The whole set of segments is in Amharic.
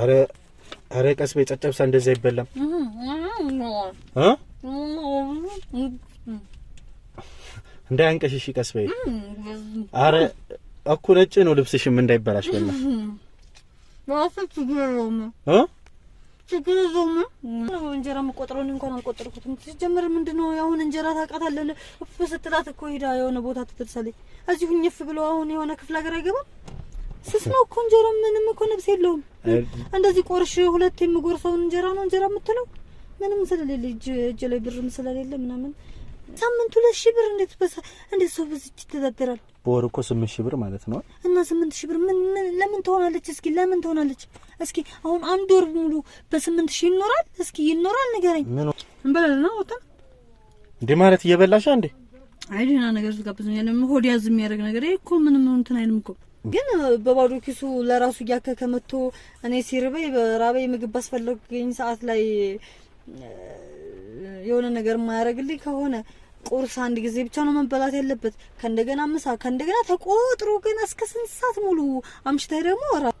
አረ አረ ቀስ በይ ጨጨብሳ፣ እንደዚህ አይበላም። እንዳያንቀሽ እሺ፣ ቀስ በይ። አረ እኮ ነጭ ነው ልብስሽም እንዳይበላሽ በላ። ችግር የለውም። እንጀራ መቆጠሩን እንኳን አልቆጠርኩትም። ሲጀምር ምንድን ነው አሁን እንጀራ ታውቃታለህ፣ እፍ ስትላት እኮ ሄዳ የሆነ ቦታ ትደርሳለች። እዚሁ እፍ ብሎ አሁን የሆነ ክፍለ ሀገር አይገባም ስስ ነው እኮ እንጀራው። ምንም እኮ ነብስ የለውም። እንደዚህ ቆርሽ ሁለት የምጎርሰውን እንጀራ ነው እንጀራ የምትለው። ምንም ስለሌለ እጅ ላይ ብርም ስለሌለ ምናምን ሳምንቱ ሁለት ሺህ ብር እንዴት በሳ እንዴት ሰው በዚህ ይተዳደራል? በወር እኮ ስምንት ሺህ ብር ማለት ነው። እና ስምንት ሺህ ብር ምን ምን ለምን ትሆናለች? እስኪ ለምን ትሆናለች? እስኪ አሁን አንድ ወር ሙሉ በስምንት ሺህ ይኖራል? እስኪ ይኖራል ንገረኝ። ምን እንበላለን ነው ወጣ እንዴ ማለት እየበላሽ እንዴ? አይ ደህና ነገር ስጋብዙኝ ያለ ሆድ ያዝ የሚያደርግ ነገር ይሄ እኮ ምንም እንትን አይልም እኮ ግን በባዶ ኪሱ ለራሱ እያከከ መጥቶ እኔ ሲርበይ በራበይ ምግብ ባስፈለገኝ ሰዓት ላይ የሆነ ነገር የማያደርግልኝ ከሆነ ቁርስ አንድ ጊዜ ብቻ ነው መበላት ያለበት። ከእንደገና ምሳ፣ ከእንደገና ተቆጥሮ ግን እስከ ስንት ሰዓት ሙሉ አምሽታይ ደግሞ ራ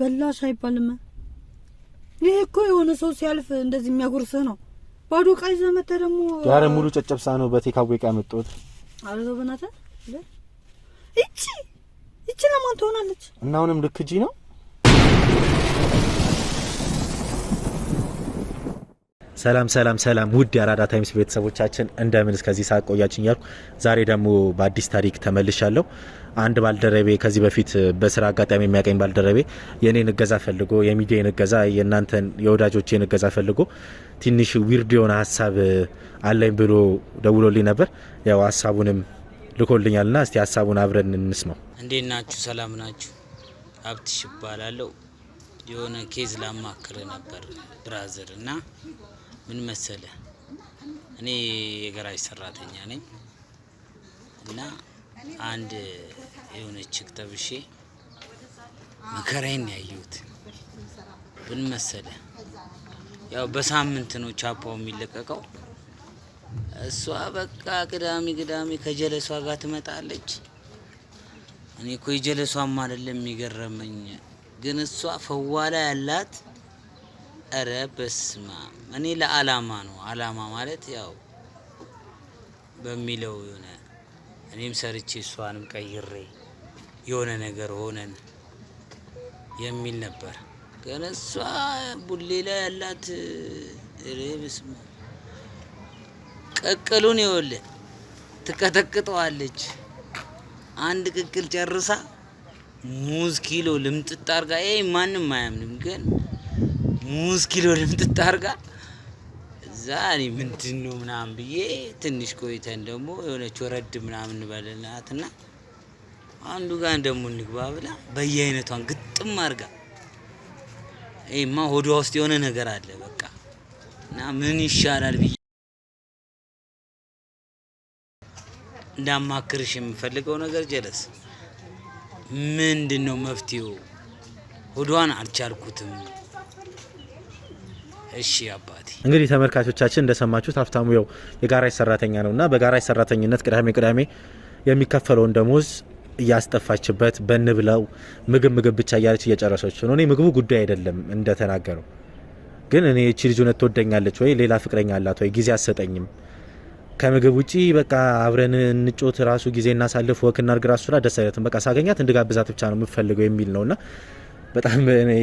በላሽ አይባልም። ይሄ እኮ የሆነ ሰው ሲያልፍ እንደዚህ የሚያጎርስህ ነው። ባዶ ዕቃ ይዘህ መጥተህ ደግሞ ያረ ሙሉ ጨጨብሳ ነው በቴካዌቃ ዕቃ መጥቶት አረዘው በናተ እቺ ይቺ ለማን ትሆናለች እና አሁንም ነው። ሰላም ሰላም ሰላም ውድ የአራዳ ታይምስ ቤተሰቦቻችን እንደምን እስከዚህ ሰዓት ቆያችን እያልኩ ዛሬ ደግሞ በአዲስ ታሪክ ተመልሻለሁ። አንድ ባልደረቤ ከዚህ በፊት በስራ አጋጣሚ የሚያገኝ ባልደረቤ የእኔን እገዛ ፈልጎ የሚዲያን እገዛ የእናንተን የወዳጆቼን እገዛ ፈልጎ ትንሽ ዊርድ የሆነ ሀሳብ አለኝ ብሎ ደውሎልኝ ነበር። ያው ሀሳቡንም ልኮልኛልና እስቲ ሀሳቡን አብረን እንስማው። እንዴት ናችሁ? ሰላም ናችሁ? ሀብትሽ እባላለሁ። የሆነ ኬዝ ላማክር ነበር ብራዘር እና ምን መሰለ እኔ የገራጅ ሰራተኛ ነኝ እና አንድ የሆነች ጠብሼ መከራዬን ያየሁት ምን መሰለ ያው በሳምንት ነው ቻፓው የሚለቀቀው እሷ በቃ ቅዳሜ ቅዳሜ ከጀለሷ ጋር ትመጣለች። እኔ እኮ የጀለሷም አይደለም የሚገረመኝ ግን እሷ ፈዋላ ያላት እረ በስማ እኔ ለአላማ ነው። አላማ ማለት ያው በሚለው የሆነ እኔም ሰርቼ እሷንም ቀይሬ የሆነ ነገር ሆነን የሚል ነበር። ግን እሷ ቡሌ ላይ ያላት እረ በስማ ቅቅሉን ይወል ትቀጠቅጠዋለች። አንድ ቅቅል ጨርሳ ሙዝ ኪሎ ልምጥጥ አርጋ፣ ይሄ ማንም አያምንም፣ ግን ሙዝ ኪሎ ልምጥጥ አርጋ እዛ ምንድን ነው ምናምን ብዬ ትንሽ ቆይተን ደግሞ የሆነች ወረድ ምናምን እንበልናትና አንዱ ጋር ደግሞ እንግባ ብላ በየአይነቷን ግጥም አርጋ፣ ይሄማ ሆዷ ውስጥ የሆነ ነገር አለ በቃ እና ምን ይሻላል ብዬ እንዳማክርሽ የምፈልገው ነገር ጀለስ ምንድን ነው መፍትሄው? ሆዷን አልቻልኩትም። እሺ አባቴ። እንግዲህ ተመልካቾቻችን እንደሰማችሁት ሀብታሙ ያው የጋራጅ ሰራተኛ ነው እና በጋራጅ ሰራተኝነት ቅዳሜ ቅዳሜ የሚከፈለውን ደሞዝ እያስጠፋችበት በንብለው ምግብ ምግብ ብቻ እያለች እየጨረሰች ነው። እኔ ምግቡ ጉዳይ አይደለም እንደተናገረው ግን እኔ እቺ ልጅ እውነት ትወደኛለች ወይ ሌላ ፍቅረኛ አላት ወይ ጊዜ አሰጠኝም ከምግብ ውጪ በቃ አብረን እንጮት ራሱ ጊዜ እናሳልፍ ወክ እናርግ ራሱ ስራ ደስ አይለትም። በቃ ሳገኛት እንድጋብዛት ብቻ ነው የምፈልገው የሚል ነውና በጣም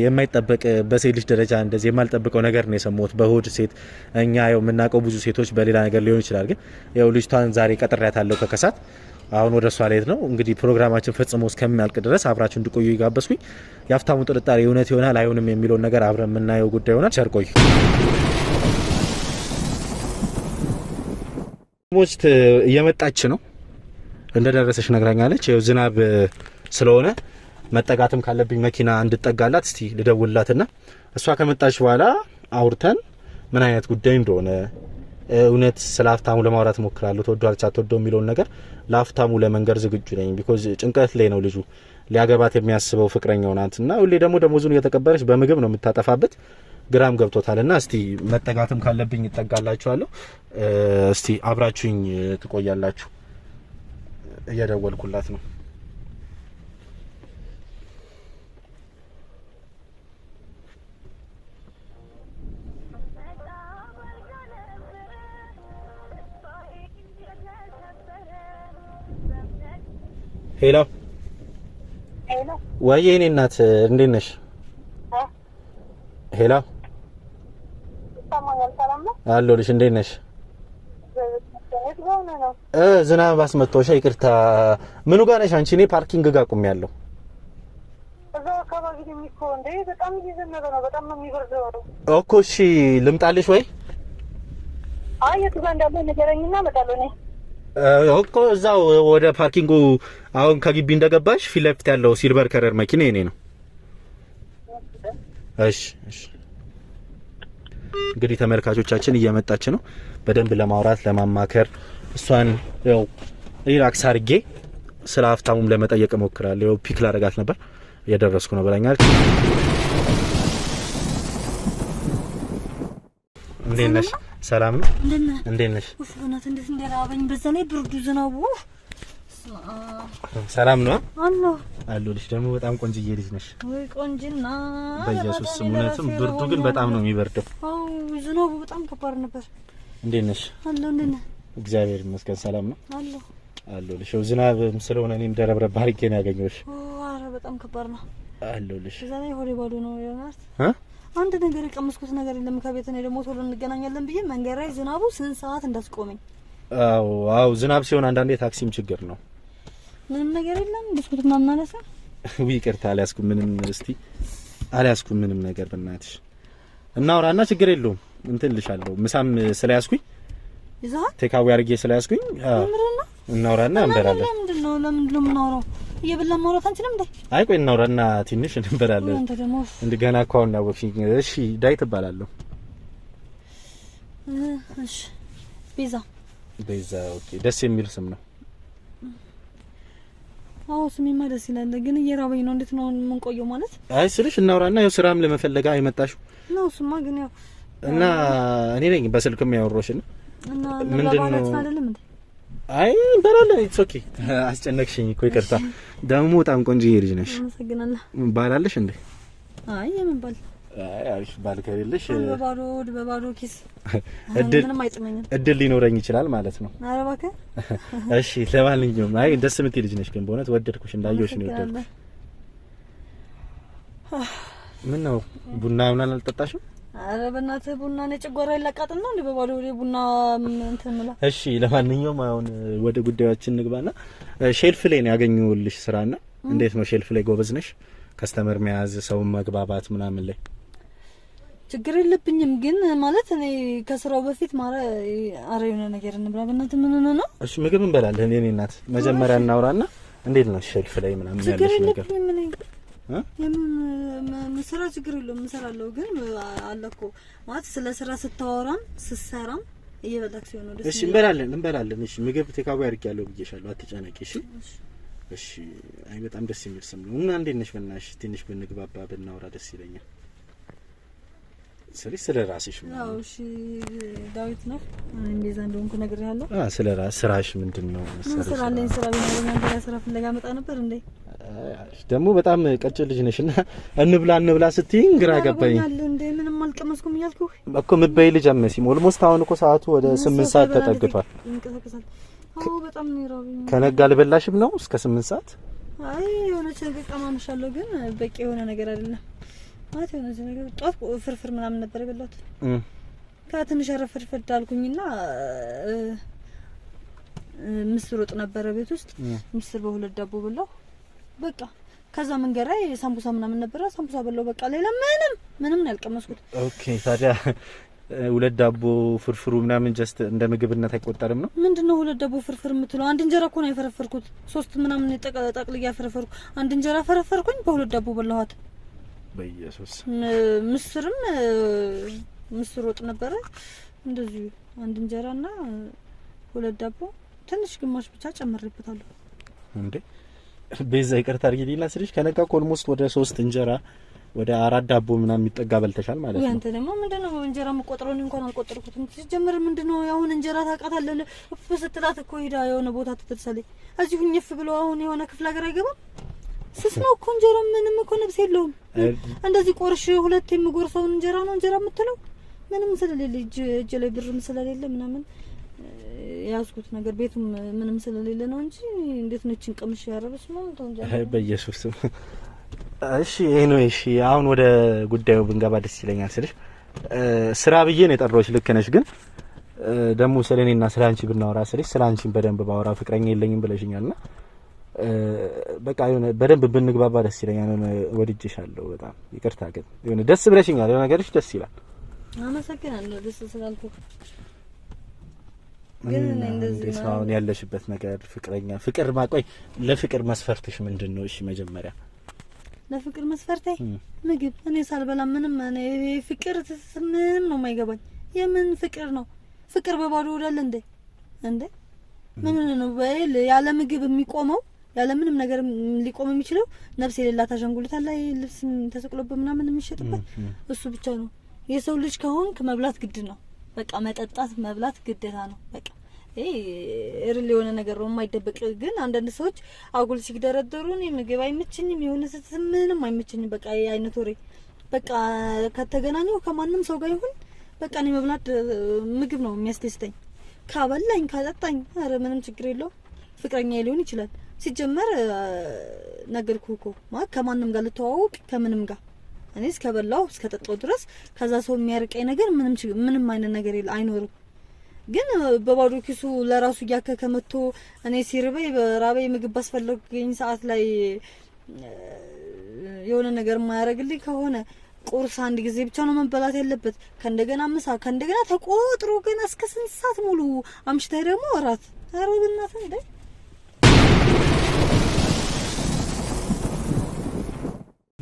የማይጠበቅ በሴት ልጅ ደረጃ እንደዚህ የማልጠብቀው ነገር ነው የሰማሁት። በሆድ ሴት እኛ ው የምናውቀው ብዙ ሴቶች በሌላ ነገር ሊሆን ይችላል። ግን ው ልጅቷን ዛሬ አለው ከከሳት አሁን ወደ እሷ ላይት ነው እንግዲህ ፕሮግራማችን ፈጽሞ እስከሚያልቅ ድረስ አብራችሁ እንድቆዩ ይጋበዝኩኝ። የአፍታሙ ጥርጣሬ እውነት ይሆናል አይሆንም የሚለውን ነገር አብረን የምናየው ጉዳይ ይሆናል። ቸር ቆዩ። ፖስት እየመጣች ነው። እንደደረሰች ነግራኛለች። ያው ዝናብ ስለሆነ መጠጋትም ካለብኝ መኪና እንድጠጋላት እስቲ ልደውልላትና እሷ ከመጣች በኋላ አውርተን ምን አይነት ጉዳይ እንደሆነ እውነት ስለ ሀብታሙ ለማውራት ሞክራለሁ። ተወዷለች አትወደው የሚለውን ነገር ለሀብታሙ ለመንገር ዝግጁ ነኝ። ቢኮዝ ጭንቀት ላይ ነው ልጁ ሊያገባት የሚያስበው ፍቅረኛው እና ሁሌ ደግሞ ደሞዙን እየተቀበለች በምግብ ነው የምታጠፋበት። ግራም ገብቶታል እና እስቲ መጠጋትም ካለብኝ እጠጋላችኋለሁ። እስቲ አብራችሁኝ ትቆያላችሁ። እየደወልኩላት ነው። ሄሎ ወይ፣ እኔ እናት እንዴት ነሽ? ሄሎ አለሁልሽ። እንዴት ነሽ? ዝናብ አስመጥቶሻ? ይቅርታ፣ ምኑ ጋር ነሽ አንቺ? እኔ ፓርኪንግ ጋር ያለው በጣም በጣም ነው ቁሜያለሁ። እኮ እሺ፣ ልምጣልሽ ወይ? አይ የቱ ጋር እንዳለ ንገረኝና እመጣለሁ እኔ እኮ እዛው ወደ ፓርኪንጉ አሁን ከግቢ እንደገባሽ ፊት ለፊት ያለው ሲልቨር ከረር መኪና የኔ ነው። እሺ እሺ። እንግዲህ ተመልካቾቻችን እየመጣች ነው። በደንብ ለማውራት ለማማከር እሷን ያው ሪላክስ አድርጌ ስለ ሀብታሙም ለመጠየቅ ሞክራል። ያው ፒክ ላደርጋት ነበር እየደረስኩ ነው ብላኛል። እንዴት ነሽ? ሰላም ነው። እንዴት ነሽ? ሰላም ነው። አለሁልሽ። ደግሞ በጣም ቆንጅዬ ልጅ ነሽ። ወይ ቆንጅና በኢየሱስ ስም። እውነትም ብርዱ ግን በጣም ነው የሚበርደው። አው ዝናቡ በጣም ከባድ ነበር። እንዴት ነሽ? አለሁ። እንዴት ነህ? እግዚአብሔር ይመስገን ሰላም ነው። አለሁ አለሁልሽ። ያው ዝናብም ስለሆነ እኔም ደረብረብ አድርጌ ነው ያገኘሁሽ። ኧረ በጣም ከባድ ነው። አለሁልሽ። እዛ ላይ ሆዴ ባዶ ነው ያናት አንድ ነገር የቀመስኩት ነገር የለም ከቤት እኔ ደግሞ ቶሎ እንገናኛለን ብዬ መንገድ ላይ ዝናቡ ስንት ሰዓት እንዳስቆመኝ። አዎ አዎ፣ ዝናብ ሲሆን አንዳንዴ ታክሲም ችግር ነው። ምንም ነገር የለም። ብስኩት ምናምን አላሳ ወይ ይቅርታ፣ አልያዝኩም ምንም። እስቲ አልያዝኩም ምንም ነገር በእናትሽ። እናውራና ችግር የለውም እንትን ልሻለሁ። ምሳም ስለያዝኩኝ ይዛህ ቴካዊ አድርጌ ስለያዝኩኝ እናውራና እንበላለን። ለምንድን ነው ለምንድን ነው የምናወራው? እየበላን ማውራት አንችልም እንዴ? አይ ቆይ እናውራና ትንሽ እንበላለን። እንደ ገና እኮ አሁን አወቅሽኝ። እሺ ዳይ ትባላለሁ። እሺ ቤዛ ቤዛ። ኦኬ ደስ የሚል ስም ነው። አዎ ስሜማ ደስ ይላል፣ ግን እየራበኝ ነው። እንዴት ነው የምንቆየው? ማለት አይ ስልሽ እናውራና ያው ስራም ለመፈለጋ አይመጣሽ ነው። ስማ ግን ያው እና እኔ ነኝ በስልክም ያወሮሽ እና ምንድን ነው አይደለም አይ እንበላለን። ኢትስ ኦኬ። አስጨነቅሽኝ እኮ ይቅርታ። ደግሞ በጣም ቆንጆ ልጅ ነሽ። ባላለሽ እንዴ? አይ የምን ባል አሪፍ ባል ከሌለሽ በባዶ ወድ በባዶ ኪስ ምንም አይጥመኝም። እድል ሊኖረኝ ይችላል ማለት ነው። ኧረ እባክህ እሺ። ለማንኛውም አይ ደስ የምትይ ልጅ ነሽ፣ ግን በእውነት ወደድኩሽ። እንዳየሁሽ ነው የወደድኩሽ። ምን ነው ቡና ምናምን አልጠጣሽም? አረ በእናትህ ቡና ነው ጨጓራ ይላቃጥና እንዴ በባዶ ወደ ቡና እንትን ምላ። እሺ ለማንኛውም አሁን ወደ ጉዳያችን ንግባና ሼልፍ ላይ ነው ያገኘሁልሽ ስራና። እንዴት ነው ሼልፍ ላይ ጎበዝ ነሽ? ከስተመር መያዝ፣ ሰውን መግባባት ምናምን ላይ ችግር የለብኝም ግን ማለት እኔ ከስራው በፊት ማረ አረ የሆነ ነገር እንብላ በእናትህ። ምን ሆነ ነው? እሺ ምግብ እንበላለን። እኔ እናት መጀመሪያ እናውራና እንዴት ነው ሸልፍ ላይ ምናምን ያለሽ ነገር ችግር የለብኝም እኔ የምን ስራ ችግር የለውም እሰራለሁ። ግን አለ እኮ ማለት ስለ ስራ ስታወራም ስትሰራም እየበላክ ሲሆን ደስ እሺ እንበላለን እንበላለን። እሺ ምግብ ቴካዊ አድርጌያለሁ ብዬሻለሁ። አትጨነቂ እሺ። እሺ አይ በጣም ደስ የሚል ስም ነው እና እንዴት ነሽ? በእናትሽ ትንሽ ብንግባባ ብናውራ ደስ ይለኛል። ስልሽ ስለ ራስሽ ዳዊት ነው እንደዛ እንደሆንኩ ነገር ያለው ስለ ስራሽ ምንድን ነው? ስራ አለኝ። ስራ ቢኖረኝ ስራ ፍለጋ መጣ ነበር እንዴ። ደግሞ በጣም ቀጭን ልጅ ነሽ እና እንብላ እንብላ ስትይኝ ግራ ገባኝ። እንዴ ምንም አልቀመስኩም እያልኩ እኮ ምበይ ልጅ አመሲም። ኦልሞስት አሁን እኮ ሰዓቱ ወደ ስምንት ሰዓት ተጠግቷል። ከነጋ አልበላሽም ነው እስከ ስምንት ሰዓት? አይ የሆነች ነገር ቀማምሻለሁ፣ ግን በቂ የሆነ ነገር አይደለም። ማለት የሆነ እዚህ ነገር ጧት ፍርፍር ምናምን ነበር የበላሁት። ከትንሽ ረፍርፍር ዳልኩኝና ምስር ወጥ ነበረ ቤት ውስጥ ምስር በሁለት ዳቦ በላሁ። በቃ ከዛ መንገድ ላይ ሳምቡሳ ምናምን ነበረ ሳምቡሳ በላሁ። በቃ ሌላ ምንም ምንም ነው ያልቀመስኩት። ኦኬ ታዲያ ሁለት ዳቦ ፍርፍሩ ምናምን ጀስት እንደ ምግብነት አይቆጠርም ነው? ምንድነው ሁለት ዳቦ ፍርፍር የምትለው? አንድ እንጀራ እኮ ነው የፈረፈርኩት። ሶስት ምናምን ጠቅልያ ያፈረፈርኩ አንድ እንጀራ ፈረፈርኩኝ፣ በሁለት ዳቦ በላኋት። በኢየሱስ ምስርም ምስር ወጥ ነበረ። እንደዚሁ አንድ እንጀራና ሁለት ዳቦ ትንሽ ግማሽ ብቻ ጨምሬበታለሁ። እንዴ ቤዛ ይቅርታ አድርጊልኝና ስልሽ ከነጋ ኮልሞስት ወደ ሶስት እንጀራ ወደ አራት ዳቦ ምናምን የሚጠጋ በልተሻል ማለት ነው። ያንተ ደግሞ ምንድነው እንጀራ መቆጥረውን እኔ እንኳን አልቆጠርኩትም። ሲጀምር ምንድነው አሁን እንጀራ ታውቃታለህ። እፍ ስትላት እኮ ሄዳ የሆነ ቦታ ትደርሳለች። እዚሁ ኝፍ ብሎ አሁን የሆነ ክፍለ ሀገር አይገባም ስስ እኮ እንጀራ ምንም እኮ ነብስ የለውም። እንደዚህ ቆርሽ ሁለት የምጎርሰውን እንጀራ ነው እንጀራ የምትለው። ምንም ስለሌለ እጅ ላይ ብርም ስለሌለ ምናምን የያዝኩት ነገር ቤቱም ምንም ስለሌለ ነው እንጂ እንዴት ነችን ቅምሽ ያረበች ነው እንጀራ። በኢየሱስ እሺ፣ ይሄ ነው እሺ። አሁን ወደ ጉዳዩ ብንገባ ደስ ይለኛል ስልሽ ስራ ብዬ ነው የጠራሁሽ። ልክ ነሽ፣ ግን ደግሞ ስለኔና ስለ አንቺ ብናወራ ስልሽ ስለ አንቺን በደንብ ባወራ ፍቅረኛ የለኝም ና በቃ የሆነ በደንብ ብንግባባ ደስ ይለኛል። የሆነ ወድጄሻለሁ በጣም ይቅርታ፣ ግን የሆነ ደስ ብለሽኛል። የሆነ ነገርሽ ደስ ይላል። አመሰግናለሁ ደስ ስላልኩ። አሁን ያለሽበት ነገር ፍቅረኛ ፍቅር ማቆይ ለፍቅር መስፈርትሽ ምንድን ነው? እሺ መጀመሪያ ለፍቅር መስፈርቴ ምግብ እኔ ሳልበላ ምንም እኔ ፍቅር ምንም ነው የማይገባኝ። የምን ፍቅር ነው? ፍቅር በባዶ ይውላል እንዴ? እንዴ ምን ነው ያለ ምግብ የሚቆመው? ያለምንም ነገር ሊቆም የሚችለው ነፍስ የሌላት አሻንጉሊት ላይ ልብስ ተሰቅሎበት ምናምን የሚሸጥበት እሱ ብቻ ነው። የሰው ልጅ ከሆንክ መብላት ግድ ነው። በቃ መጠጣት፣ መብላት ግዴታ ነው። በቃ ይሄ እርል የሆነ ነገር ነው የማይደበቅ ግን አንዳንድ ሰዎች አጉል ሲደረደሩ እኔ ምግብ አይመችኝም፣ የሆነ ስትስም ምንም አይመችኝም፣ በቃ ይሄ አይነት ወሬ በቃ ከተገናኘው ከማንም ሰው ጋር ይሁን በቃ እኔ መብላት ምግብ ነው የሚያስደስተኝ። ካበላኝ ካጠጣኝ፣ ኧረ ምንም ችግር የለው። ፍቅረኛ ሊሆን ይችላል ሲጀመር ነገርኩ እኮ ማለት ከማንም ጋር ልተዋወቅ ከምንም ጋር እኔ እስከ እስከጠጣው ድረስ ከዛ ሰው የሚያርቀኝ ነገር ምንም ምንም አይነት ነገር አይኖርም። ግን በባዶ ኪሱ ለራሱ እያከከ መጥቶ እኔ ሲርበኝ በራበኝ ምግብ ባስፈለገኝ ሰዓት ላይ የሆነ ነገር የማያደርግልኝ ከሆነ ቁርስ አንድ ጊዜ ብቻ ነው መበላት ያለበት። ከእንደገና ምሳ፣ ከእንደገና ተቆጥሮ ግን እስከ ስንት ሰዓት ሙሉ አምሽታይ ደግሞ እራት። ኧረ በእናትህ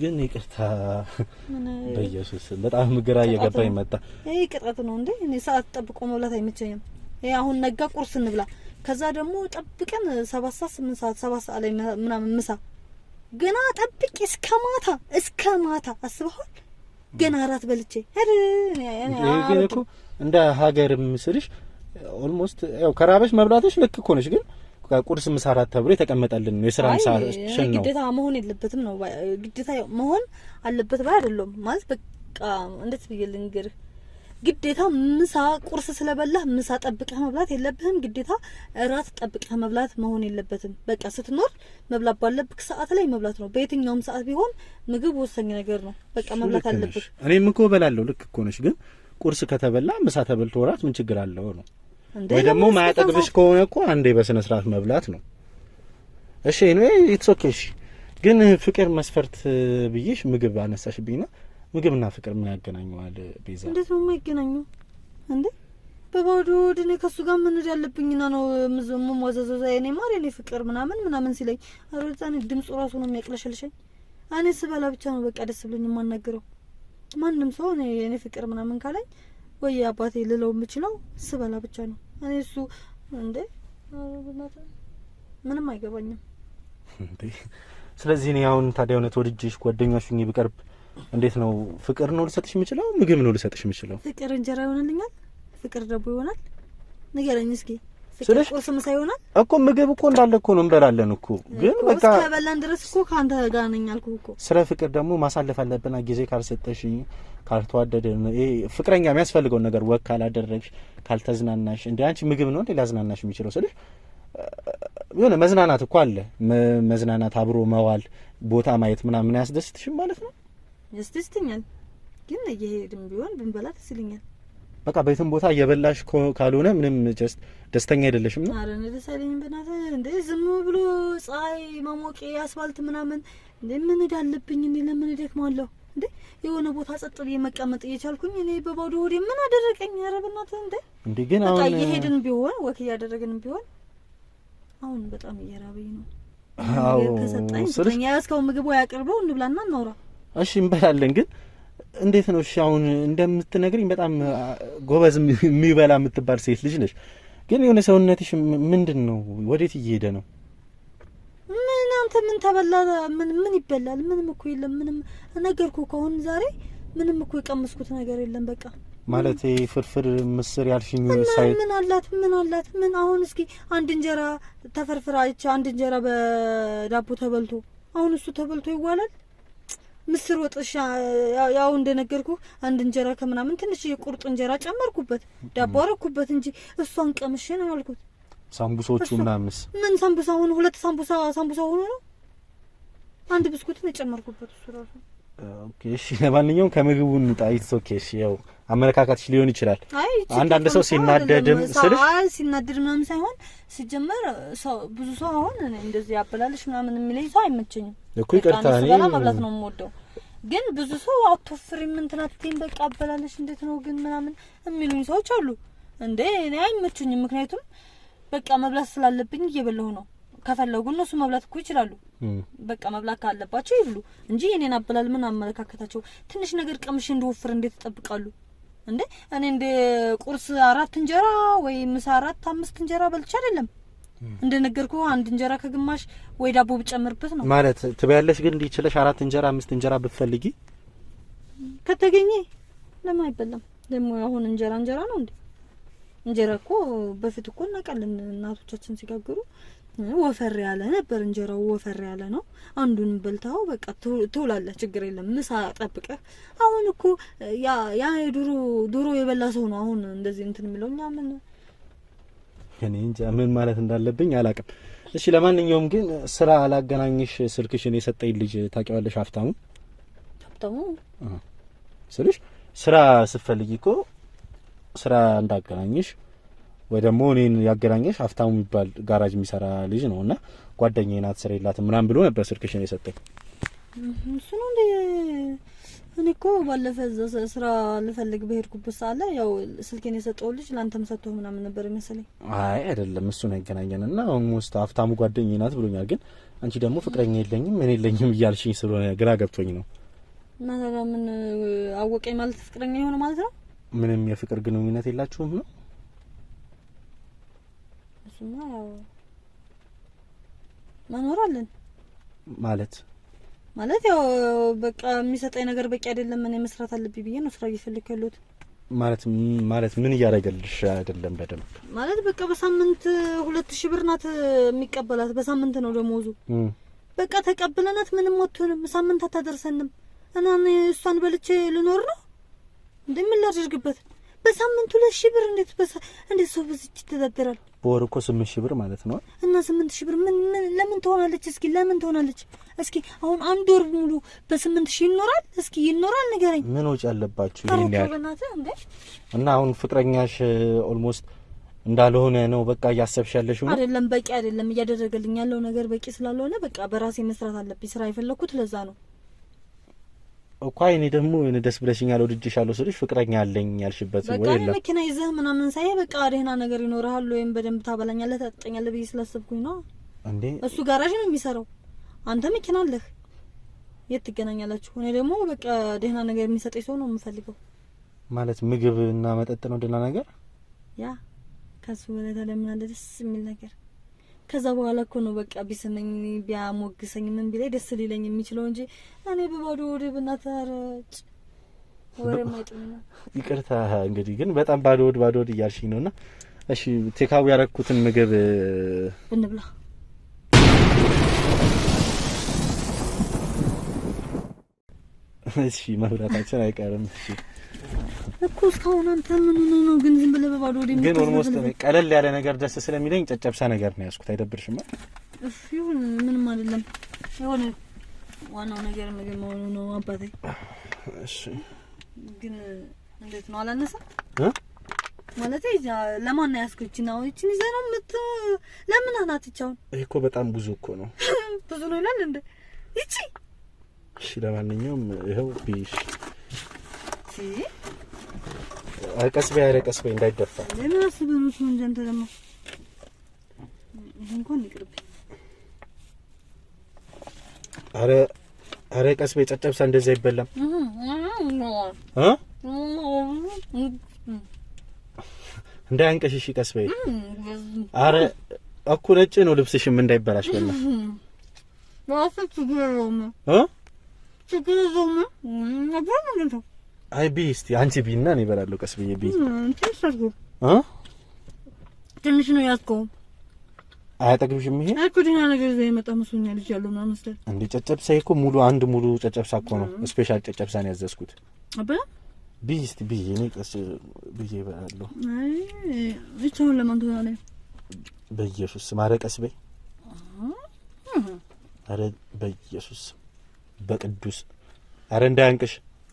ግን ይቅርታ በኢየሱስ በጣም ግራ እየገባኝ መጣ። ይሄ ቅጥረት ነው እንዴ? እኔ ሰዓት ጠብቆ መብላት አይመቸኝም። ይሄ አሁን ነጋ ቁርስ እንብላ፣ ከዛ ደግሞ ጠብቀን ሰባት ሰዓት ስምንት ሰዓት ሰባት ሰዓት ላይ ምናምን ምሳ ገና ጠብቄ እስከ ማታ እስከ ማታ አስበኋል። ገና አራት በልቼ ግን እኮ እንደ ሀገር ምስልሽ ኦልሞስት ያው ከራበሽ መብላትሽ ልክ እኮ ነሽ ግን ቁርስ ምሳ እራት ተብሎ የተቀመጠልን ነው። የስራ ምሳ ነው። ግዴታ መሆን የለበትም ነው ግዴታ መሆን አለበት ባይ አይደለም ማለት በቃ እንዴት ብዬ ልንገርህ ግዴታ ምሳ ቁርስ ስለበላህ ምሳ ጠብቀህ መብላት የለብህም። ግዴታ እራት ጠብቀህ መብላት መሆን የለበትም። በቃ ስትኖር መብላት ባለብህ ሰዓት ላይ መብላት ነው። በየትኛውም ሰዓት ቢሆን ምግብ ወሳኝ ነገር ነው። በቃ መብላት አለብህ። እኔም እኮ እበላለሁ። ልክ እኮ ነሽ። ግን ቁርስ ከተበላ ምሳ ተበልቶ እራት ምን ችግር አለው ነው ወይ ደግሞ ማያጠግብሽ ከሆነ እኮ አንዴ በስነ ስርዓት መብላት ነው። እሺ ኢትስ ኦኬ። እሺ ግን ፍቅር መስፈርት ብዬሽ ምግብ አነሳሽብኝና ምግብና ፍቅር ምን ያገናኘዋል? ቤዛ እንዴት ነው የማይገናኘው እንዴ? በባዶ ድኔ ከሱ ጋር ነው ያለብኝና ነው የምሟዘዘው። እኔ ማር የኔ ፍቅር ምናምን ምናምን ሲለኝ አሮዛኔ ድምፁ ራሱ ነው የሚያቅለሸልሸኝ። እኔ ስበላ ብቻ ነው በቃ ደስ ብሎኝ የማናግረው። ማንም ሰው እኔ የኔ ፍቅር ምናምን ካለኝ ወይ አባቴ ልለው የምችለው ስበላ ብቻ ነው። እኔ እሱ እንዴ ምንም አይገባኝም። ስለዚህ እኔ አሁን ታዲያ እውነት ወድጄሽ ጓደኛሽ ሁኜ ብቀርብ እንዴት ነው ፍቅር ነው ልሰጥሽ የምችለው? ምግብ ነው ልሰጥሽ የምችለው? ፍቅር እንጀራ ይሆንልኛል? ፍቅር ደቦ ይሆናል? ንገረኝ እስኪ ስለዚህ ቁርስ ምሳ ይሆናል እኮ ምግብ እኮ እንዳለ እኮ ነው እንበላለን እኮ ግን በቃ እስከበላን ድረስ እኮ ካንተ ጋር ነኝ አልኩህ እኮ ስለ ፍቅር ደግሞ ማሳለፍ አለብና ጊዜ ካልሰጠሽኝ ካልተዋደደ ይሄ ፍቅረኛ የሚያስፈልገውን ነገር ወግ ካላደረግሽ ካልተዝናናሽ እንደ አንቺ ምግብ ነው እንዴ ላዝናናሽ የሚችለው ስለሽ የሆነ መዝናናት እኮ አለ መዝናናት አብሮ መዋል ቦታ ማየት ምናምን አያስደስትሽም ማለት ነው ያስደስትኛል ግን እየሄድም ቢሆን ብንበላ ደስ በቃ በየትም ቦታ እየበላሽ ካልሆነ ምንም ጀስት ደስተኛ አይደለሽም ነው። አረ እኔ ብናት እንደ ዝም ብሎ ፀሐይ መሞቅ አስፋልት ምናምን እንደ ምን እዳ አለብኝ እኔ ለምን እደክማለሁ እንደ የሆነ ቦታ ጸጥ ብዬ መቀመጥ እየቻልኩኝ እኔ በባዶ ሆዴ ምን አደረቀኝ? አረ ብናት እንደ እንዴ ግን አሁን በቃ እየሄድን ቢሆን ወክ እያደረግን ቢሆን አሁን በጣም እየራበኝ ነው። አዎ ስለኛ ያስከው ምግቡ ያቅርበው እንብላና እናውራ። እሺ እንበላለን ግን እንዴት ነው? እሺ አሁን እንደምትነግሪኝ በጣም ጎበዝ የሚበላ የምትባል ሴት ልጅ ነሽ፣ ግን የሆነ ሰውነትሽ ምንድን ነው? ወዴት እየሄደ ነው? ምን አንተ ምን ተበላ? ምን ምን ይበላል? ምንም እኮ የለም። ምንም ነገርኩ ከሆን ዛሬ ምንም እኮ የቀመስኩት ነገር የለም። በቃ ማለት ፍርፍር ምስር ያልሽኝ ሳይ ምን አላት ምን አላት ምን አሁን እስኪ አንድ እንጀራ ተፈርፍራ አይቼ አንድ እንጀራ በዳቦ ተበልቶ አሁን እሱ ተበልቶ ይዋላል ምስር ወጥሻ ያው እንደነገርኩ አንድ እንጀራ ከምናምን ትንሽ የቁርጥ እንጀራ ጨመርኩበት፣ ዳቦ አረኩበት እንጂ እሷን ቀምሼ ነው አልኩት። ሳምቡሶቹ ምናምስ ምን ሳምቡሳ ሆኖ ሁለት ሳምቡሳ ሳምቡሳ ሆኖ ነው አንድ ብስኩት ነው የጨመርኩበት እሱ ራሱ። ኦኬ እሺ፣ ለማንኛውም ከምግቡ እንጣይት። ኦኬ እሺ፣ ያው አመለካከትሽ ሊሆን ይችላል። አንዳንድ ሰው ሲናደድም ስልሽ ሲናደድ ምናምን ሳይሆን ሲጀመር ሰው ብዙ ሰው አሁን እንደዚህ ያበላልሽ ምናምን የሚለኝ ሰው አይመቸኝም እኮ ይቅርታ፣ እኔ መብላት ነው የምወደው። ግን ብዙ ሰው አትወፍሪም እንትን አትይም በቃ አበላለሽ እንዴት ነው ግን ምናምን የሚሉኝ ሰዎች አሉ። እንዴ እኔ አይመቹኝም። ምክንያቱም በቃ መብላት ስላለብኝ እየበላሁ ነው። ከፈለጉ እነሱ መብላት እኮ ይችላሉ። በቃ መብላት ካለባቸው ይብሉ እንጂ የኔን አበላል ምን አመለካከታቸው። ትንሽ ነገር ቀምሽ እንድወፍር እንዴት ይጠብቃሉ? እንዴ እኔ እንደ ቁርስ አራት እንጀራ ወይ ምሳ አራት አምስት እንጀራ በልቼ አይደለም። እንደነገርኩ አንድ እንጀራ ከግማሽ ወይ ዳቦ ብጨምርበት ነው ማለት ትበያለሽ። ግን እንዲህ አራት እንጀራ አምስት እንጀራ ብትፈልጊ ከተገኘ ለማ አይበላም? ደግሞ አሁን እንጀራ እንጀራ ነው እንዴ? እንጀራ እኮ በፊት እኮ እናውቃለን እናቶቻችን ሲጋግሩ ወፈር ያለ ነበር እንጀራው ወፈር ያለ ነው። አንዱን በልታው በቃ ትውላለህ፣ ችግር የለም ምሳ ጠብቀህ። አሁን እኮ ያ ያ ድሮ ድሮ የበላ ሰው ነው አሁን እንደዚህ እንትን የሚለው እኛ ምን እኔ እንጃ ምን ማለት እንዳለብኝ አላቅም። እሺ ለማንኛውም ግን ስራ አላገናኝሽ ስልክሽን የሰጠኝ ልጅ ታውቂዋለሽ? ሀብታሙ ሀብታሙ ስልሽ ስራ ስትፈልጊ እኮ ስራ እንዳገናኝሽ ወይ ደግሞ እኔን ያገናኘሽ ሀብታሙ የሚባል ጋራጅ የሚሰራ ልጅ ነው እና ጓደኛ ናት ስራ የላት ምናም ብሎ ነበር ስልክሽን የሰጠኝ። እሱ ነው እንዴ? እኔ እኮ ባለፈ ስራ ልፈልግ በሄድኩበት ሰዓት ላይ ያው ስልኬን የሰጠው ልጅ ለአንተም ሰጥቶ ምናምን ነበር ይመስለኝ። አይ አይደለም፣ እሱን አይገናኘን እና ስ ሀብታሙ ጓደኛ ናት ብሎኛል። ግን አንቺ ደግሞ ፍቅረኛ የለኝም እኔ የለኝም እያልሽኝ ስለሆነ ግራ ገብቶኝ ነው። እና ምን አወቀኝ ማለት ፍቅረኛ የሆነ ማለት ነው ምንም የፍቅር ግንኙነት የላችሁም ነው? እሱማ ያው መኖር አለን ማለት ማለት ያው በቃ የሚሰጠኝ ነገር በቂ አይደለም። እኔ መስራት አለብኝ ብዬ ነው ስራ እየፈለኩ ያለሁት። ማለት ማለት ምን እያደረገልሽ አይደለም? በደንብ ማለት በቃ በሳምንት ሁለት ሺህ ብር ናት የሚቀበላት። በሳምንት ነው ደሞዙ። በቃ ተቀብለናት ምንም ወጥቶንም ሳምንት አታደርሰንም እና እሷን በልቼ ልኖር ነው እንደምን ላደርግበት? በሳምንት ሁለት ሺህ ብር እንዴት በሳ እንዴት ሰው በዚህ ይተዳደራል? በወር እኮ ስምንት ሺህ ብር ማለት ነው። እና ስምንት ሺህ ብር ምን ምን ለምን ትሆናለች? እስኪ ለምን ትሆናለች? እስኪ አሁን አንድ ወር ሙሉ በስምንት ሺህ ይኖራል? እስኪ ይኖራል ንገረኝ። ምን ወጪ አለባችሁ? ይሄን ያህል እና አሁን ፍቅረኛሽ ኦልሞስት እንዳልሆነ ነው በቃ እያሰብሽ ያለሽው? አይደለም፣ በቂ አይደለም። እያደረገልኝ ያለው ነገር በቂ ስላልሆነ በቃ በራሴ መስራት አለብኝ። ስራ የፈለኩት ለዛ ነው። እኳ እኔ ደግሞ ደስ ብለሽኛል ወድጄሻለሁ ስልሽ ፍቅረኛ አለኝ ያልሽበት ወይ የለም? መኪና ይዘህ ምናምን ሳይ በቃ ደህና ነገር ይኖርሃል ወይም በደንብ ታበላኛለህ፣ ታጠጣኛለህ ብዬ ስላሰብኩኝ ነው። እንዴ እሱ ጋራዥ ነው የሚሰራው፣ አንተ መኪና አለህ፣ የት ትገናኛላችሁ? እኔ ደግሞ በቃ ደህና ነገር የሚሰጠኝ ሰው ነው የምፈልገው። ማለት ምግብ እና መጠጥ ነው ደህና ነገር። ያ ከሱ በላይ ለምን ደስ የሚል ነገር ከዛ በኋላ እኮ ነው በቃ ቢስመኝ ቢያሞግሰኝ ምን ቢላይ ደስ ሊለኝ የሚችለው እንጂ እኔ በባዶ ወደ ብናታረጭ ወሬ ማይጥም ይቅርታ እንግዲህ ግን በጣም ባዶ ወድ ባዶ ወድ እያልሽኝ ነውና፣ እሺ ቴካው ያረኩትን ምግብ እንብላ። እሺ መብላታችን አይቀርም። እሺ እኮ እስካሁን አንተ ምን ሆነ ነው ግን? ዝም ብለህ በባዶ ወደ ግን ኦልሞስት ቀለል ያለ ነገር ደስ ስለሚለኝ ጨጨብሳ ነገር ነው ያዝኩት። አይደብርሽም? እሺ ይሁን፣ ምንም አይደለም። የሆነ ዋናው ነገር ምግብ መሆኑ ነው አባቴ። እሺ ግን እንዴት ነው አላነሳ እ ማለት ለማን ነው ያዝኩት? ነው እቺን ይዘህ ነው ምት ለምን አናት ይቻው እኮ በጣም ብዙ እኮ ነው ብዙ ነው ይላል እንዴ እቺ እሺ ለማንኛውም ይኸው ቢሽ አቀስ በይ፣ ኧረ ቀስ በይ እንዳይደፋ። ለምን አስበህ ነው እንጂ አንተ ደግሞ እንኳን ይቅርብኝ። ኧረ ኧረ ቀስ በይ፣ ጨጨብሳ እንደዚህ አይበላም። እሺ፣ ቀስ በይ። ኧረ እኮ ነጭ ነው ልብስሽም እንዳይበላሽ በላ ችግር የለውም ችግር የለውም አይ ቢ እስቲ አንቺ ቢ እና እኔ እበላለሁ። ቀስ ብዬ ቢ ትንሽ ነው ያዝከው። አያጠግብሽም? ይሄ እኮ ደህና ነገር ይዘህ የመጣ መስሎኛል። ልጅ ያለው ምናምን መሰለህ እንደ ጨጨብሳ እኮ ሙሉ አንድ ሙሉ ጨጨብሳ እኮ ነው። ስፔሻል ጨጨብሳ ነው ያዘዝኩት። ቢ እስቲ ቢ እኔ ቀስ ብዬ እበላለሁ። ብቻውን ለማን ትሆናለህ? በኢየሱስ ማረ ቀስ በይ። አረ በኢየሱስ በቅዱስ አረ እንዳያንቅሽ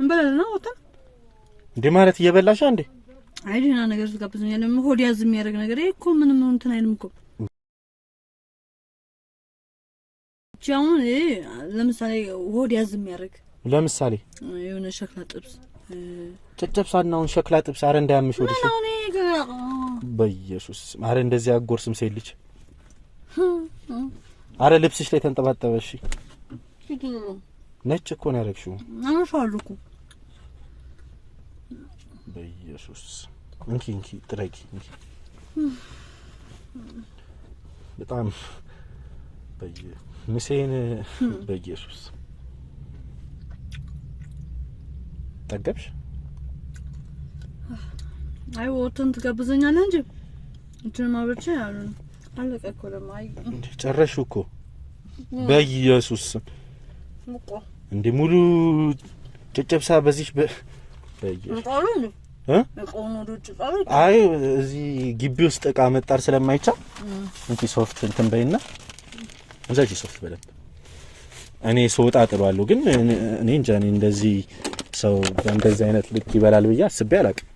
እንበላለን ወጣን እንዴ ማለት እየበላሽ እንዴ አይ ደህና ነገር ትጋብዝኛል ሆድ ያዝ የሚያደርግ ነገር ይሄ እኮ ምንም እንትን አይልም እኮ አሁን ለምሳሌ ሆድ ያዝ የሚያደርግ ለምሳሌ የሆነ ሸክላ ጥብስ ጨጨብሳና አሁን ሸክላ ጥብስ አረ እንዳያምሽ ወዲሽ በኢየሱስ አረ እንደዚህ አጎርስም ሴት ልጅ አረ ልብስሽ ላይ ተንጠባጠበሽ ነጭ እኮ ነው ያደረግሽው አመሻለሁ እኮ በኢየሱስ እንኪ እንኪ ጥረጊ እንኪ በጣም ምሴን በኢየሱስ ጠገብሽ። አይ ወጥን ትጋብዘኛለህ እንጂ እንትን ማብርቼ አሉ አለቀ እኮ ደግሞ። አይ ጨረሽ እኮ በኢየሱስ እንዴ ሙሉ ጨጨብሳ በዚህ አይ እዚህ ግቢ ውስጥ እቃ መጣር ስለማይቻል ሶፍት እንትን በይና ሶፍት እኔ ሶጣ ጥሏለሁ። ግን እኔ እንጃ እኔ እንደዚህ ሰው በእንደዚህ አይነት ልክ ይበላል ብዬ አስቤ አላውቅም።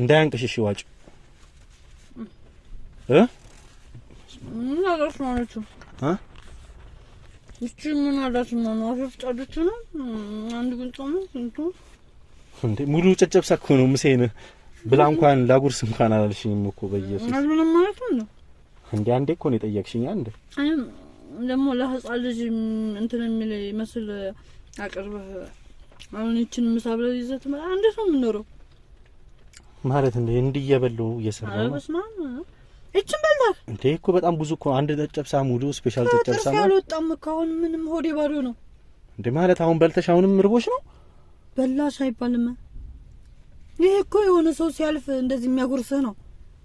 እንዳያንቅሽሽ ዋጭ እ እቺ ምን አላት ነው አፈፍ ጫለች ነው። አንድ ጉንጾም እንቱ እንዴ ሙሉ ጨጨብሳ እኮ ነው ምሴን ብላ እንኳን ላጉርስ እንኳን አላልሽኝም እኮ በኢየሱስ። ምን ማለት ነው እንዴ አንዴ እኮ ነው የጠየቅሽኝ። አንዴ አይ ደግሞ ለህፃን ልጅ እንትን የሚል መስል አቅርበህ አሁን እቺን ምሳ ብለህ ይዘህ አንድ ነው የምኖረው ማለት እንዴ እንዲህ እየበላሁ እየሰራሁ ነው እችን በልታል እንዴ? እኮ በጣም ብዙ እኮ አንድ ጨጨብሳ ሙሉ ስፔሻል ጨጨብሳ ነው። አልወጣም እኮ አሁን ምንም ሆዴ ባዶ ነው። እንዴ ማለት አሁን በልተሽ አሁንም ርቦሽ ነው? በላሽ አይባልም። ይሄ እኮ የሆነ ሰው ሲያልፍ እንደዚህ የሚያጎርስህ ነው።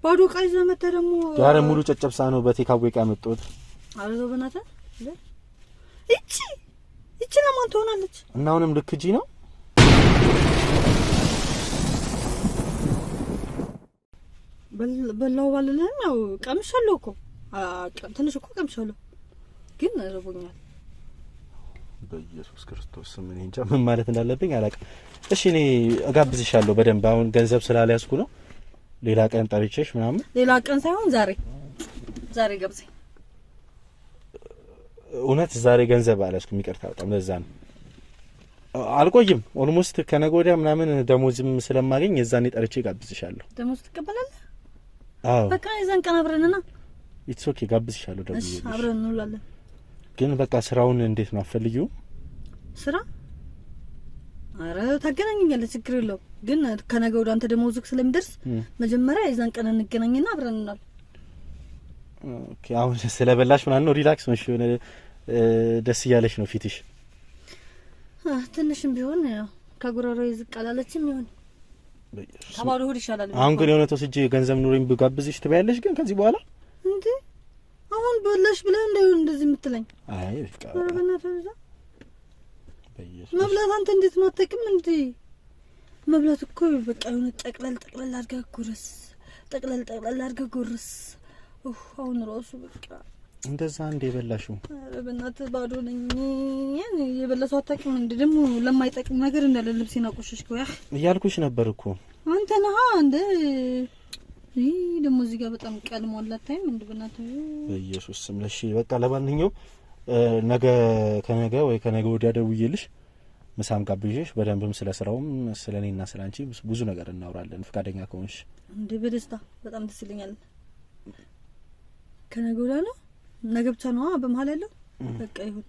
ባዶ ዕቃ ይዘህ ደግሞ ዛሬ ሙሉ ጨጨብሳ ነው በቴካዌ ዕቃ ያመጣሁት። ኧረ ተው በእናትህ እቺ እቺ ለማን ትሆናለች? እና አሁንም ልክ እጂ ነው በላው ባልልህም ያው ቀምሻለሁ እኮ ትንሽ እኮ ቀምሻለሁ፣ ግን ርቦኛል። በኢየሱስ ክርስቶስ ምን እንጃ ምን ማለት እንዳለብኝ አላውቅም። እሺ እኔ እጋብዝሻለሁ በደንብ አሁን ገንዘብ ስላልያዝኩ ነው። ሌላ ቀን ጠርቼሽ ምናምን ሌላ ቀን ሳይሆን ዛሬ ዛሬ ገብዘኝ። እውነት ዛሬ ገንዘብ አልያዝኩም፣ ይቅርታ በጣም ለዛ ነው። አልቆይም። ኦልሞስት ከነገ ወዲያ ምናምን ደሞዝም ስለማገኝ የዛኔ ጠርቼ ጋብዝሻለሁ። ደሞዝ ትቀበላለህ? አዎ በቃ የዛን ቀን አብረንና ኢትስ ኦኬ ጋብዝሻለሁ። ደግሞ እሺ አብረን እንውላለን። ግን በቃ ስራውን እንዴት ነው አፈልጊው? ስራ አረ ታገናኘኛለህ፣ ችግር የለው ግን ከነገ ወደ አንተ ደግሞ ዙክ ስለሚደርስ መጀመሪያ የዛን ቀን እንገናኝና አብረን እንውላለን። ኦኬ አሁን ስለበላሽ በላሽ ምናምን ነው ሪላክስ ነው የሆነ ደስ እያለሽ ነው ፊትሽ ትንሽም ቢሆን ያው ከጉሮሮ ዝቅ አላለችም ይሆን ተማሪ ሆድ ይሻላል። አሁን ግን የሆነ ተወስጄ ገንዘብ ኑሮኝ ብጋብዝሽ ትበያለሽ። ግን ከዚህ በኋላ እንዴ አሁን በለሽ ብለህ እንዳይሆን እንደዚህ የምትለኝ አይ መብላት አንተ እንዴት ነው አታውቅም እንዴ? መብላት እኮ በቃ የሆነ ጠቅለል ጠቅለል አድርጋ ጎረስ፣ ጠቅለል ጠቅለል አድርጋ ጉርስ። አሁን ራሱ በቃ እንደዛ እንደ የበላሽው በእናትህ ባዶ ነኝ። ያን የበለሰው አታውቂም እንዴ? ደግሞ ለማይጠቅም ነገር እንዳለ ልብስ ይናቆሽሽ ኮያ እያልኩሽ ነበር እኮ አንተ ነህ እንደ ይሄ ደግሞ እዚህ ጋር በጣም ቀልሞ አላታይም። እንዴ? በእናትህ በኢየሱስ ስም ለሺ በቃ ለማንኛውም ነገ ከነገ ወይ ከነገ ወዲያ ደውዬልሽ ምሳም ጋብዤሽ በደንብም ስለ ስራውም ስለ እኔና ስለ አንቺ ብዙ ነገር እናውራለን ፈቃደኛ ከሆንሽ። እንዴ በደስታ በጣም ደስ ይለኛል። ከነገ ወዲያ ነው ነገ ብቻ ነው በመሀል ያለው በቃ ይሁን።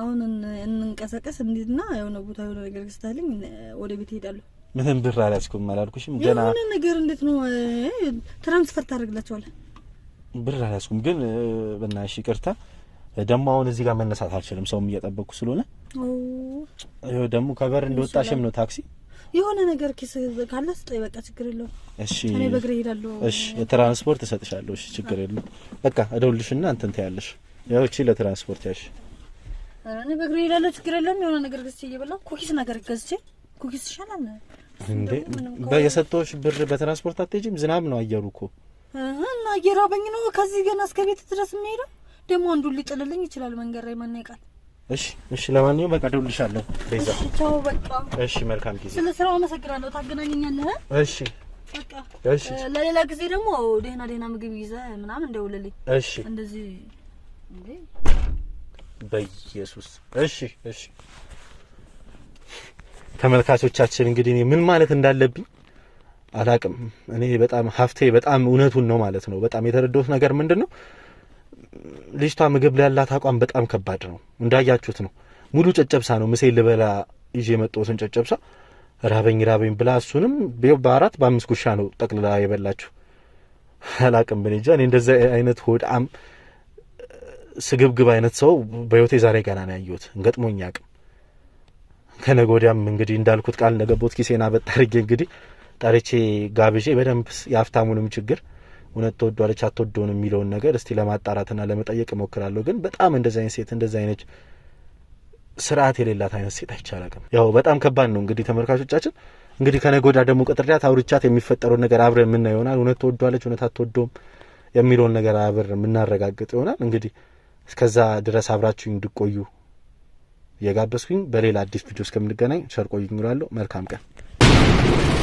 አሁን እንንቀሳቀስ እንሂድና የሆነ ቦታ የሆነ ነገር ገዝታልኝ ወደ ቤት ሄዳለሁ ምንም ብር አላስኩም አላልኩሽም? ገና የሆነ ነገር እንዴት ነው ትራንስፈር ታደርግላቸዋለ ብር አላስኩም ግን በናትሽ ይቅርታ። ደግሞ አሁን እዚህ ጋር መነሳት አልችልም፣ ሰውም እየጠበቅኩ ስለሆነ። ደግሞ ከበር እንደወጣሽም ነው ታክሲ የሆነ ነገር ኪስ ካለ ስጠኝ። በቃ ችግር የለው። እሺ፣ እኔ በእግሬ እሄዳለሁ። እሺ፣ የትራንስፖርት እሰጥሻለሁ። እሺ፣ ችግር የለው። በቃ እደውልልሽና እንትን ትያለሽ። ያው እቺ ለትራንስፖርት ያሽ። እኔ በእግሬ እሄዳለሁ። ችግር የለውም። የሆነ ነገር ገዝቼ እየበላሁ ኩኪስ ነገር ገዝቼ ኩኪስ ይሻላል እንዴ? የሰጠሁሽ ብር በትራንስፖርት አትሄጂም? ዝናብ ነው አየሩ እኮ እና እየራበኝ ነው። ከዚህ ገና እስከ ቤት ድረስ የምሄደው ደግሞ አንዱን ሊጥልልኝ ይችላል መንገድ ላይ ማን ያውቃል? እሺ፣ እሺ። ለማንኛውም በቃ እደውልልሻለሁ ቤዛ። ቻው፣ በቃ እሺ። መልካም ጊዜ። ስለ ስራው አመሰግናለሁ። ታገናኘኛለህ? እሺ፣ በቃ እሺ። ለሌላ ጊዜ ደግሞ ደህና ደህና ምግብ ይዘህ ምናምን እንደውልልኝ። እሺ። እንደዚህ እንዴ! በኢየሱስ። እሺ፣ እሺ። ተመልካቾቻችን እንግዲህ እኔ ምን ማለት እንዳለብኝ አላቅም። እኔ በጣም ሀፍቴ በጣም እውነቱን ነው ማለት ነው። በጣም የተረዳሁት ነገር ምንድን ነው ልጅቷ ምግብ ላይ ያላት አቋም በጣም ከባድ ነው። እንዳያችሁት ነው። ሙሉ ጨጨብሳ ነው። ምሴ ልበላ ይዤ የመጣሁትን ጨጨብሳ ራበኝ ራበኝ ብላ እሱንም በአራት በአምስት ጉሻ ነው ጠቅልላ የበላችሁ። አላቅም ብን እንጃ። እኔ እንደዚ አይነት ሆዳም ስግብግብ አይነት ሰው በህይወቴ ዛሬ ገና ነው ያየሁት። እንገጥሞኝ አቅም ከነገ ወዲያም እንግዲህ እንዳልኩት ቃል ነገቦት ኪሴና በጣርጌ እንግዲህ ጠርቼ ጋብዤ በደንብ የሀብታሙንም ችግር እውነት ተወዷለች አትወደውን የሚለውን ነገር እስቲ ለማጣራትና ለመጠየቅ እሞክራለሁ። ግን በጣም እንደዚ አይነት ሴት እንደዚ አይነች ስርዓት የሌላት አይነት ሴት አይቻላቅም። ያው በጣም ከባድ ነው እንግዲህ ተመልካቾቻችን። እንግዲህ ከነገ ወዲያ ደግሞ ቀጥሬያት አውርቻት የሚፈጠረውን ነገር አብረን የምና ይሆናል። እውነት ተወዷለች እውነት አትወደውም የሚለውን ነገር አብረን የምናረጋግጥ ይሆናል። እንግዲህ እስከዛ ድረስ አብራችሁ እንድቆዩ እየጋበዝኩኝ በሌላ አዲስ ቪዲዮ እስከምንገናኝ ቸር ቆዩ። መልካም ቀን